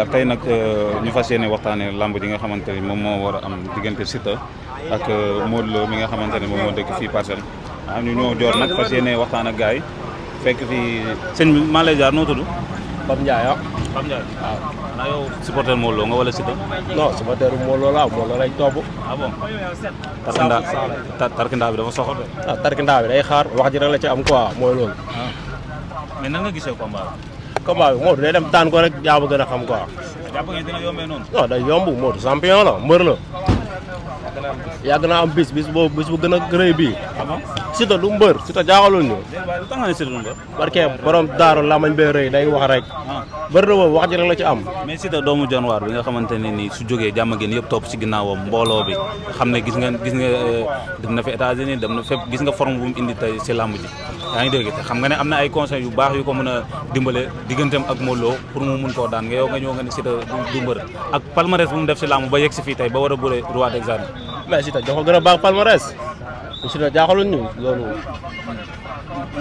jaar tey nag euh, ñu fas yéene waxtaanee lamb ji nga xamante ni moom moo war a am diggante Siteu ak euh, Modou mi nga xamante ni moom moo dëkk fii parcelle am ah, ñu ñoo joor nag fas yéene waxtaan ak gaay yi fekk fii sëñ bi maa lay jaar noo tudd. Pape Ndiaye ah. Pape Ndiaye waaw. Ah. naa yow supporter Modou Lo nga wala Siteu. non supporter Modou Lo la Modou Lo lañ topp. Ah dafa soxal de. ah day xaar wax rek la ci am quoi mooy loolu. mais nan nga gisee combat combat bi Modou day dem daan ko rek yaa gën a xam quoi. jàpp ngeen dina yombee noonu. non day la mbër la. yàgg naa am bis bis boobu gën a rëy bi ah Siteu du mbër Siteu jaaxalul ñu. lu tax nga ne Siteu du mbër. barke borom daaru lamañ bee rëy day wax rek. Ah. bër na boobu wax ji rek la ci am. mais Siteu doomu janwaar bi nga xamante ne nii su jógee jàmm ngeen yëpp topp si ginnaawam mbooloo bi xam ne gis nga gis nga euh, dem na fi états dem na fépp gis nga forme bu indi tey si làmb ji. yaa ngi dégg xam nga ne am na ay conseils yu baax yu ko mën a dimbale digganteem ak Modou Lo pour mu mun koo daan nga yow nga ñëw nga ne Siteu du mbër ak palmarès bu def si làmb ba yegg si fii tey ba war a bëre roi des arènes. mais Siteu jox ko gën a baax palmarès Siteu jaaxalul ñu loolu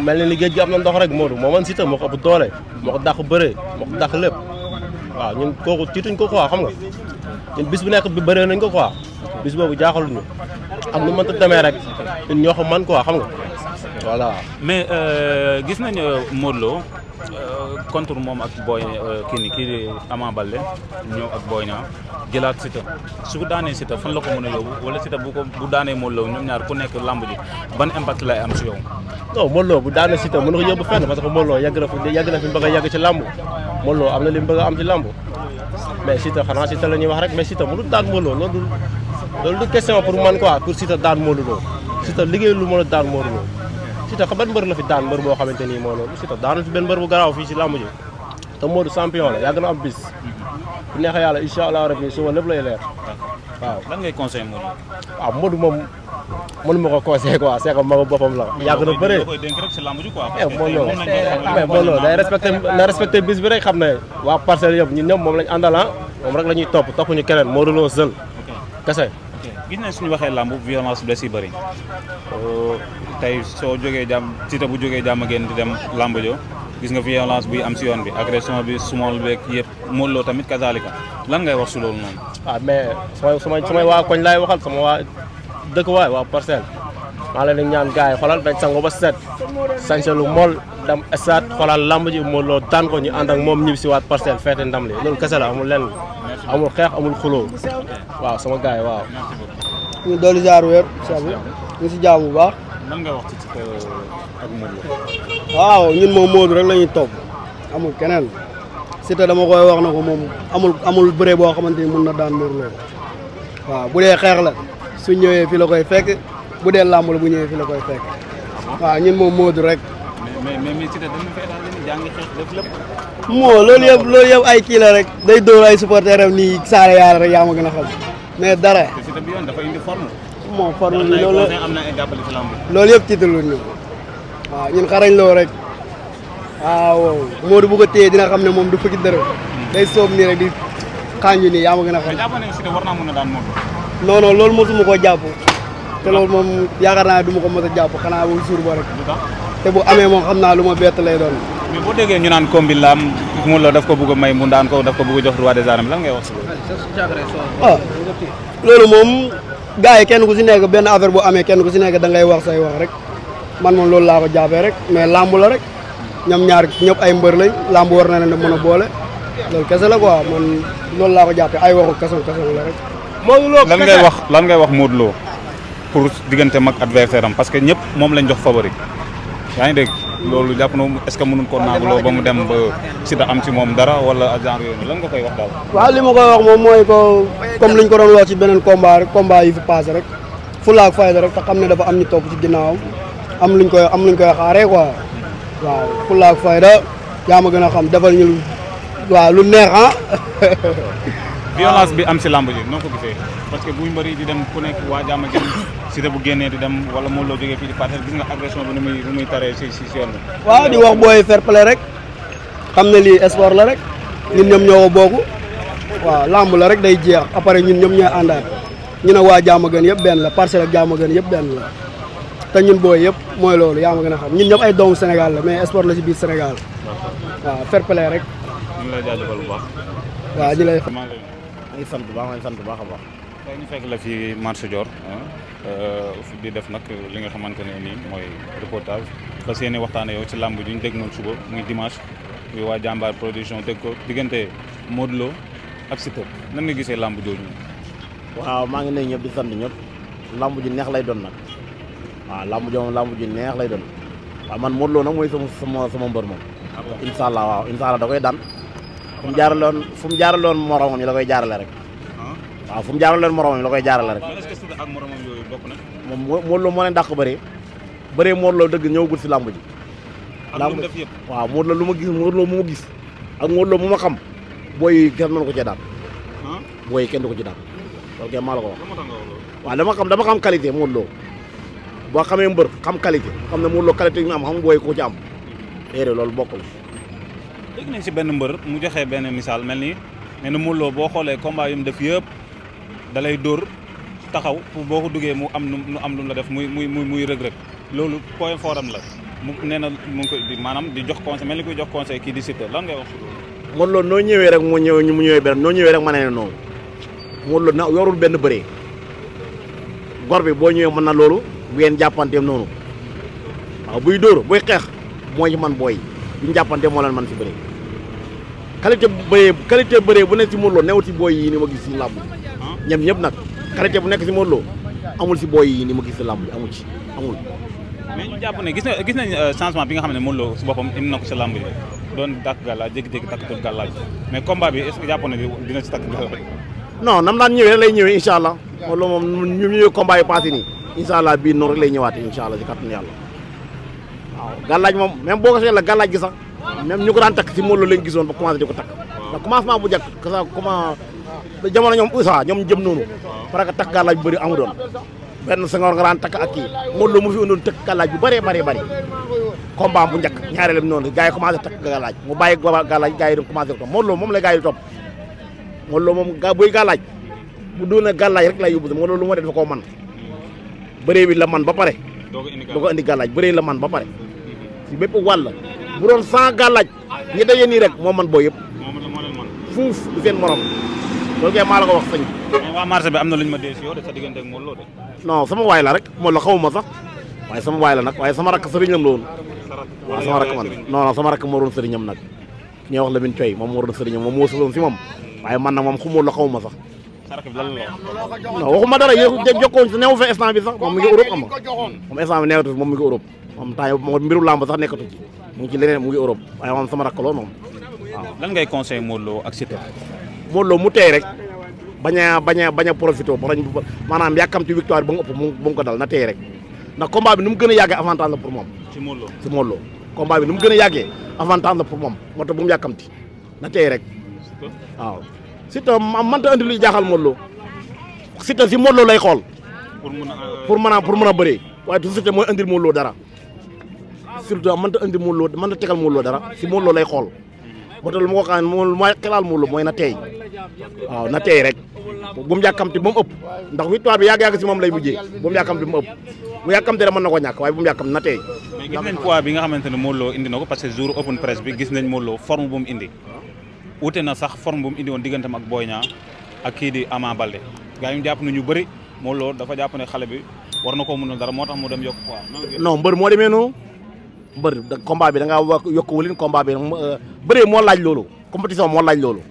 mel na ni géej gi am na ndox rek Modou moo man Siteu moo ko ëpp doole moo ko dàq bëree moo ko dàq waaw ñun kooku tiituñ ko quoi xam nga ñun bis bu nekk bi bëree nañ ko quoi bis boobu jaaxalul ñu ak nu mënta demee rek ñun ñoo ko man quoi xam nga voilà mais euh, gis nañu euh, Modou Lo euh, moom ak Boy kii ni kii Ama Baldé ñëw ak Boy Niang jëlaat Siteu su daanee Siteu fan la ko mën a yóbbu wala Siteu bu ko bu daanee Modou ñoom ñaar ku nekk lamb ji ban impact lay am si yow. non bu daanee Siteu mën na ko yóbbu fenn parce que Modou Lo yàgg na fi a yàgg ci lamb Modou am na li mu am ci lamb mais Siteu xanaa Siteu la ñuy wax rek mais Siteu mënul daan Modou Lo loolu du loolu du question pour man quoi pour Siteu daan Modou Lo Siteu liggéey lu mën a daan Siteu xam ban mbër la fi daan mbër boo xamante nii moo loolu Siteu daanul fi benn mbër bu garaaw fii si làmb ji te Modou champion la yàgg na am bis bu neexee yàlla incha rabbi suba lépp lay leer waaw lan ngay conseil Modou waaw ah, Modou moom mënuma ko conseil quoi c'est que magu boppam la yàgg na bëree moo loolu moo loolu day respecté na respecté bis bi rek xam ne waa parcelle yëpp ñun ñëpp moom lañ àndal ah. moom rek la ñuy topp ñu keneen Modou loo seul kese gis nañ ñu waxee làmb violence la si bëri euh, tey soo jógee jàmm Siteu bu jógee jàmm ngeen di dem làmb jo gis nga violence buy am si yoon bi agression bi sumool beeg yëpp Modou tamit kazalika lan ngay wax su loolu noonu. ah mais samay samay waa koñ laay waxal sama waa dëkk waay waa parcelle. maa leen di ñaan gars yi xoolal dañ sango ba set sañse lu mol dem stade xoolal lamb ji moo loo daan ko ñu ànd ak moom ñib si waat parcelle feete ndam li loolu kese la amul lenn amul xeex amul xuloo waaw sama gars yi waaw ñu jaar weer sabi si jaam bu baax nan wax ci ak Modou Lo waaw ñun moom Modou rek la ñuy topp amul keneen Siteu dama koy wax na ko moom amul amul bëre boo xamante ni mun na daan Modou Lo waaw bu dee xeex la su ñëwee fi la koy fekk bu dee làmb la bu ñëwee fi la koy fekk. waaw ñun moom Modou rek. mais mais mais Siteu moo loolu yëpp ay kii la rek. day dóor ay supporters am nii saare yaara rek yaa ma gën a xam mais dara. te Siteu bi yoon dafa indi na ay jàppale ci làmb loolu yëpp tiitaluñ ñu waaw ñun xarañ loo rek. waaw Modou bu ko téye dina xam ne moom du fukki dërëm. day soob nii rek di xaañu nii yaa ma gën a xam. mais jàpp nañu te loolu moom yaakaar naa du ma ko mën a jàpp xanaa bu suur ba rek te bu amee moom xam naa lu ma bett lay doon mais boo déggee ñu naan kombi laam mun la daf ko bëgg a may mu daan ko daf ko bëgg a jox roi des arènes lan ngay wax ah, loolu moom gars yi kenn ku si nekk benn affaire bu amee kenn ku si nekk da ngay wax say wax rek man moom loolu laa ko jàppee rek mais làmb la rek ñoom ñaar ñëpp ay mbër lañ làmb war na ne leen mën a boole loolu kese la quoi man loolu laa ko jàppee ay waxu kason kason la rek lan ngay wax lan ngay wax Modou pour diggante mag adversaire am parce que ñëpp moom lañ jox favori yaa ngi dégg loolu jàpp na est-ce que mënuñ ko naagloo ba mu dem ba Siteu am ci moom dara wala genre yooyu lan nga koy wax daal. waaw li ma moom mooy ko comme liñ ko doon loo ci beneen combat rek combat yi fi passé rek fulla ak fayda rek te xam ne dafa am ñu topp ci ginnaawam am luñ koy am luñ koy xaaree quoi waaw fulla ak fayda yaa ma gën a xam defal ñu lu waaw lu neex ah. bi am ci làmb ji noo parce que buñ bëri di dem ku nekk waa jàmm Siteu bu génnee di dem wala moo loo jógee fii di parcelle gis nga agression bi nu muy nu muy taree si si yoon waaw di wax booy fair play rek xam ne lii sport la rek ñun ñoom ñoo ko bokk waaw lamb la rek day jeex après ñun ñoom ñooy àndaat ñu ne waa Diamaguène yëpp benn la parcelle ak Diamaguène yëpp benn la te ñun booy yëpp mooy loolu yaa ma gën a xam ñun ñëpp ay doomu Sénégal la mais sport la si biir Sénégal waaw fair play rek. ñu ngi lay jaajëfal bu baax. ngi sant bu baax maa ngi a tey ñu fekk la fi marché Dior ah, euh, di def nag li nga xamante ne nii mooy reportage fas yéene waxtaane ci làmb ji ñu dégg noonu suba muy waa jàmbaar production dégg diggante Modou Lo ak Siteu gisee làmb jooju maa ngi nuyu ñëpp di sant ñëpp làmb ji neex lay doon nag waaw làmb ji moom làmb neex lay doon waaw man Modou nag mooy sama sama sama mbër moom ah incha allah waaw incha allah da koy daan fu mu jaaraloon fu mu jaaraloon moromam yi la koy jaarale rek waaw fu mu jaaral leen moromam la koy jaarale rek. est-ce yooyu bokk na. moom Modou Lo moo leen dàq bëree bëree Modou Lo dëgg ñëwagul si làmb ji. làmb def yëpp waaw Modou lu ma gis Modou Lo mu ma gis ak Modou Lo mu ma xam booy yi ko cee daan. booy ko ci daan loolu wax. waaw dama xam dama xam qualité Modou boo xamee mbër xam qualité xam ne Modou Lo qualité yi ñu am xam booy ko ci am déedéet loolu bokkul. dégg nañ si benn mbër mu joxe benn misaal mel ni ne Modou Lo boo xoolee combat yu mu def yëpp da lay dóor taxaw pour boo ko duggee mu am nu am lu la def muy muy muy muy rëg-rëg loolu point fort am la mu nee na mu di maanaam di jox conseil mel ni koy jox conseil kii di Siteu lan ngay wax. Modou Lo noo ñëwee rek mu ñëw mu ñëwee benn ñëwee rek ma ne noonu Modou Lo yorul benn bëree gor bi boo ñëwee mën na loolu bu ngeen jàppanteem noonu waaw buy dóor buy xeex mooy man booy buñ jàppante moo leen man si bëree qualité bëree qualité bëree bu ne si Modou Lo newut si booy yi ni ma gis si ñoom ñëpp nag qualité bu nekk si Modou Lo amul si booy yi ni ma gis si làmb amul ci amul. mais ñu jàpp gis na gis nañ euh, bi nga xam ne Modou Lo si boppam indi na ko si làmb yi doon dàq gàllaaj jékki-jékki takkatul gàllaaj mais combat bi est ce que jàpp na dina si takk gàllaaj. non nam daan ñëwee lay ñëwee incha allah Modou Lo moom ñu ñëwee combat yi passé nii incha allah bii noonu rek lay ñëwaatee incha allah boo ko seet la gàllaaj gi sax même ñu ko daan takk si Modou Lo lañ gisoon ba commencé di ko takk ndax commencement bu jàkk ka sa jamono ñoom Oussa ñoom jëm noonu parce que takk gàllaaj bu bëri amu doon benn sangoor nga daan takk ak kii Modou fi andoon takk gàllaaj bu bëree bëree bëri combat bu njëkk ñaareelam noonu gars yi commencé takk gàllaaj mu bàyyi gàllaaj gars yi doon commencé topp Modou Lo moom la gars yi di moom ga buy gàllaaj bu doon a gàllaaj rek lay yóbbu Modou Lo lu ma def dafa koo man bëree bi la man ba pare doo ko indi gàllaaj la man ba pare si bépp wàll bu sa sans gàllaaj ñi dajee nii rek moo man boo yëpp fuuf du seen loolu kay maa ko wax sëñ bi. waa am na lu ma dee si yow de sa sama waay la rek Modou Lo xawuma sax waaye sama waay la nag waaye sama rakk sëriñam la woon. waaw sama rakk man non sama rakk moo doon nag. ki wax Lamine Thioye moom moo moo sëriñam si moom waaye man nag moom ku Modou Lo xawuma sax. non waxuma dara yéen jokkoon si neewu fa instant bi sax moom mi ngi Europe am moom instant bi neewatu moom mi ngi Europe moom temps mbiru làmb sax nekkatu ci mu ngi ci leneen mu ngi Europe waaye moom sama rakk lool moom waaw lan ngay conseil Modou Lo ak Siteu Modou mu tey rek bañ a bañ a bañ a profité bañ maanaam yàkkamti victoire ba mu ëpp bu mu ko dal na tey rek ndax combat bi nu mu gën a yàggee avantage la pour moom. ci Modou Lo ci Modou Lo bi nu mu gën a yàggee avantage la pour moom moo tax bu mu yàkkamti na tey rek waaw. Siteu mënta andi luy jaaxal Modou Lo ta si Modou Lo lay xool. pour mën a euh, pour mën a pour mën a bëree waaye tout Siteu mooy andil Modou Lo dara surtout mënta andi Modou Lo mënta tegal Modou dara si mooloo Lo lay xool. moo tax lu ma ko xam ne mooy xelaal Modou Lo mooy na teey na teey rek bu mu yàkkamti ba mu ëpp ndax victoire bi yàgg yàgg si moom lay mujjee bu mu yàkkamti ba mu ëpp bu yàkkamti rek mën na ko ñàkk waaye bu mu yàkkamti na teey mais gis nañ poids bi nga xamante ne Modou Lo indi na ko jour open press bi gis nañ Modou Lo forme bu mu indi wute na sax forme bu mu indi woon digganteem ak Boy Niang ak kii gaa ñu jàpp nañu bëri Modou Lo dafa jàpp ne xale bi war na koo mënul dara moo moo demee noonu mbër da combat bi da ngaa wax yokk wëlin combat bi euh, bëree moo laaj loolu compétition moo laaj loolu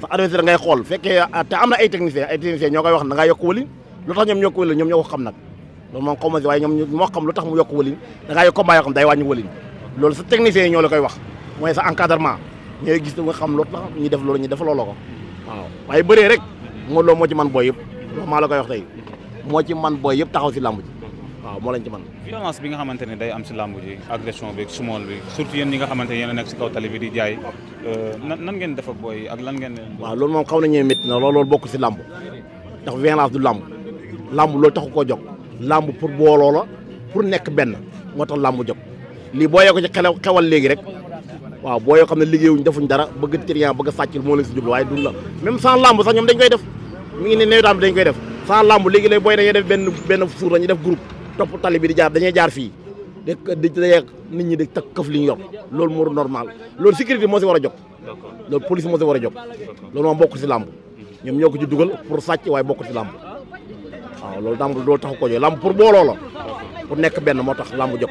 sa adversaire ngay xool fekkee ah, te am na ay technicien ay technicien ñoo koy wax da ngaa yokk wëlin xam nag loolu moom commencé waaye ñoom moo xam lu tax mu yokk wëlin da ngaa loolu sa technicien yi ñoo la koy wax mooy sa encadrement ñooy gis nga xam lu tax ñuy def loolu ñu def looloo ko waaw waaye bëree rek moo loolu moo ci man booy yëpp loolu maa la koy wax tey moo ci man booy yëpp taxaw si làmb ji waaw moo lañ ci man violence bi nga xamante ne day am si làmb ji agression bi sumool bi surtout yéen ñi nga xamante ne yéen a nekk si kaw tali bi di jaay euh, nan ngeen def booy loolu moom xaw nañu métti na loolu loolu bokk si làmb làmb làmb loolu taxu la pour nekk benn moo tax làmb jóg lii booyee ko ci xelew léegi rek waaw boo yoo xam ne liggéeyuñ defuñ dara bëgg trian bëgg sàccil moo leen si jublu waaye du la même sans lamb sax ñoom dañ koy def mi ngi léegi lay booy dañuy def benn def topp tali bi di jaar dañuy jaar fii di dajeeg nit ñi di takk këf li ñu yor loolu moo normal loolu sécurité moo si war a jóg loolu police moo si war a jóg loolu moom bokk si lamb ñoom ñoo ko ci dugal pour sàcc waaye bokk si làmb waaw loolu làmb loolu taxu ko jóg làmb pour booloo la pour nekk benn moo tax làmb jóg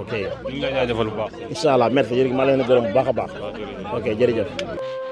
ok ñu ngi lay jaajëfal bu baax incha allah merci jërëjëf maa leen gërëm bu baax a baax ok jërëjëf